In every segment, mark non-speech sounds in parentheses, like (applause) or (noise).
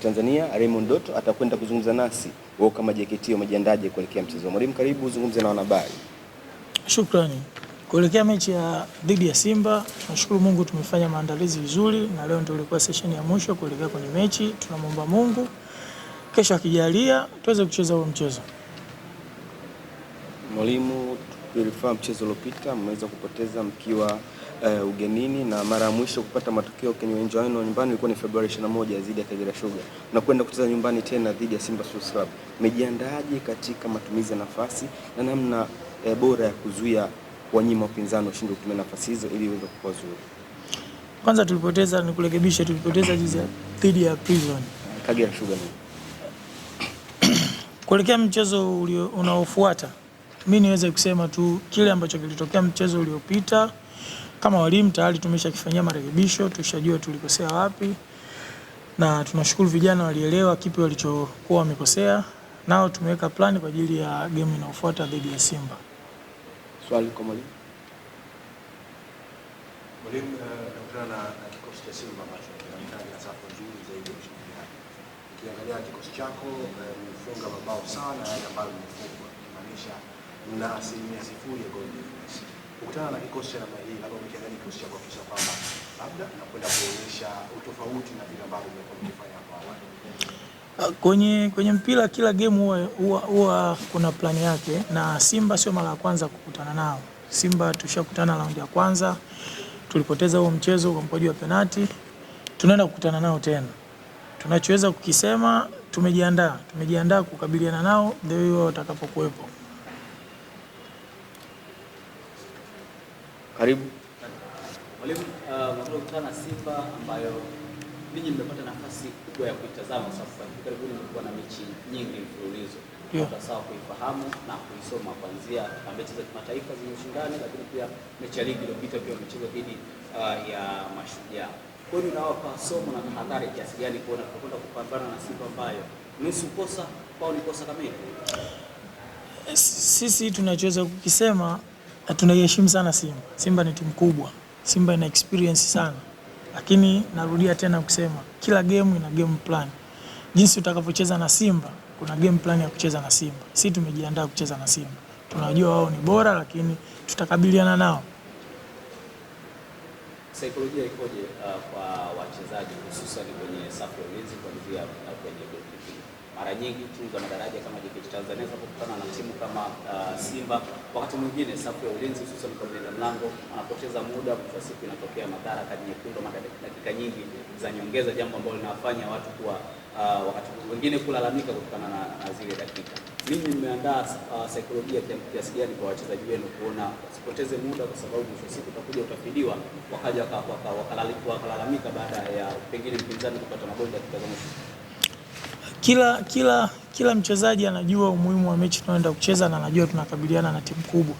Tanzania Raymond Doto atakwenda kuzungumza nasi wao kama JKT umejiandaje kuelekea mchezo. Mwalimu, karibu uzungumze na wanahabari. Shukrani. Kuelekea mechi ya dhidi ya Simba, nashukuru Mungu tumefanya maandalizi vizuri na leo ndio ilikuwa session ya mwisho kuelekea kwenye mechi. Tunamwomba Mungu kesho akijalia tuweze kucheza huo mchezo. Mwalimu, tulifahamu mchezo uliopita mmeweza kupoteza mkiwa uh, ugenini na mara ya mwisho kupata matokeo kwenye uwanja wao nyumbani ilikuwa ni Februari 21 dhidi ya Kagera Sugar na kwenda kucheza nyumbani tena dhidi ya Simba Sports Club. Umejiandaaje katika matumizi ya nafasi na namna uh, bora ya kuzuia wanyima upinzani washindwe kutumia nafasi hizo ili iweze kuwa nzuri? Kwanza tulipoteza, nikurekebisha, tulipoteza juzi dhidi ya Prison Kagera Sugar. (clears throat) Kuelekea mchezo unaofuata mimi niweze kusema tu kile ambacho kilitokea mchezo uliopita, kama walimu tayari tumeshakifanyia marekebisho, tushajua tulikosea wapi, na tunashukuru vijana walielewa kipi walichokuwa wamekosea, nao tumeweka plani kwa ajili ya game inayofuata dhidi ya Simba. Swali kwa mwalimu. Mwalimu, nakutana na kikosi cha Simba ambacho kinaonekana na safu nzuri zaidi ya ushindani. Ukiangalia kikosi chako eh, umefunga mabao sana yale ambayo umefungwa, kimaanisha na asilimia sifuri ya goal difference. Ukutana na kikosi cha namna hii, labda umekiangalia kikosi cha kuhakikisha kwamba labda nakwenda kuonyesha utofauti na vile ambavyo umekuwa ukifanya hapo awali. Ah, kwenye, kwenye mpira kila game huwa huwa kuna plani yake, na Simba sio mara ya kwanza kukutana nao. Simba tushakutana raundi ya kwanza, tulipoteza huo mchezo kwa mkwaju wa penati. Tunaenda kukutana nao tena, tunachoweza kukisema tumejiandaa, tumejiandaa kukabiliana nao ndio hiyo watakapokuwepo. Karibu. Mwalimu, uh, na Simba ambayo ninyi mmepata nafasi kubwa ya kuitazama sasa. Karibuni mmekuwa na mechi nyingi mfululizo sawa, kuifahamu na kuisoma kuanzia mechi za kimataifa zenye ushindani, lakini pia mechi ya ligi iliyopita pia mchezo dhidi uh, ya Mashujaa. Kwa hiyo nawapa somo na tahadhari kiasi gani kuona tunakwenda kupambana na Simba ambayo nusu kosa kwao ni kosa kamili? Sisi tunachoweza kukisema na tunaiheshimu sana Simba. Simba ni timu kubwa, Simba ina experience sana, lakini narudia tena kusema kila game ina game plan. Jinsi utakavyocheza na Simba, kuna game plan ya kucheza na Simba. Sisi tumejiandaa kucheza na Simba, tunajua wao ni bora, lakini tutakabiliana nao Saikolojia ikoje uh, kwa wachezaji hususan kwenye safu ya ulinzi kuanzia uh, kwenye golikipa? mara nyingi timu za madaraja kama JKT Tanzania zinapokutana na timu kama uh, Simba, wakati mwingine safu ya ulinzi hususan kwa mlinda mlango anapoteza muda, kwa siku inatokea madhara kadi nyekundu, dakika nyingi za nyongeza, jambo ambalo linawafanya watu kuwa uh, wakati wengine kulalamika kutokana na, na zile dakika. Mimi nimeandaa uh, saikolojia kiasi gani kwa wachezaji wenu kuona wasipoteze muda, kwa sababu mwisho siku utakuja utafidiwa, wakaja wakalalamika waka, waka, waka, waka, waka baada ya pengine mpinzani kupata magoli dakika za mwisho kila kila kila mchezaji anajua umuhimu wa mechi tunaenda kucheza na anajua tunakabiliana na timu kubwa.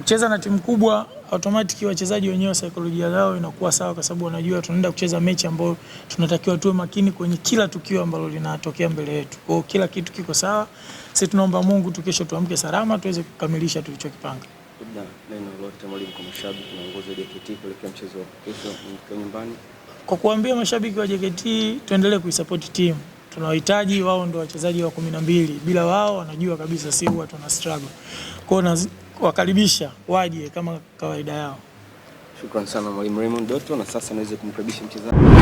Kucheza na timu kubwa automatic wachezaji wenyewe saikolojia yao inakuwa sawa, kwa sababu wanajua tunaenda kucheza mechi ambayo tunatakiwa tuwe makini kwenye kila tukio ambalo linatokea mbele yetu. Kwa kila kitu kiko sawa. Sisi tunaomba Mungu tu kesho tuamke salama tuweze kukamilisha tulichokipanga. Kwa kuambia mashabiki wa JKT tuendelee kuisupport timu tunawahitaji wao, ndio wachezaji wa kumi na mbili. Bila wao wanajua kabisa si huwa tuna struggle kwao, wakaribisha waje kama kawaida yao. Shukrani sana Mwalimu Raymond Doto, na sasa naweza kumkaribisha mchezaji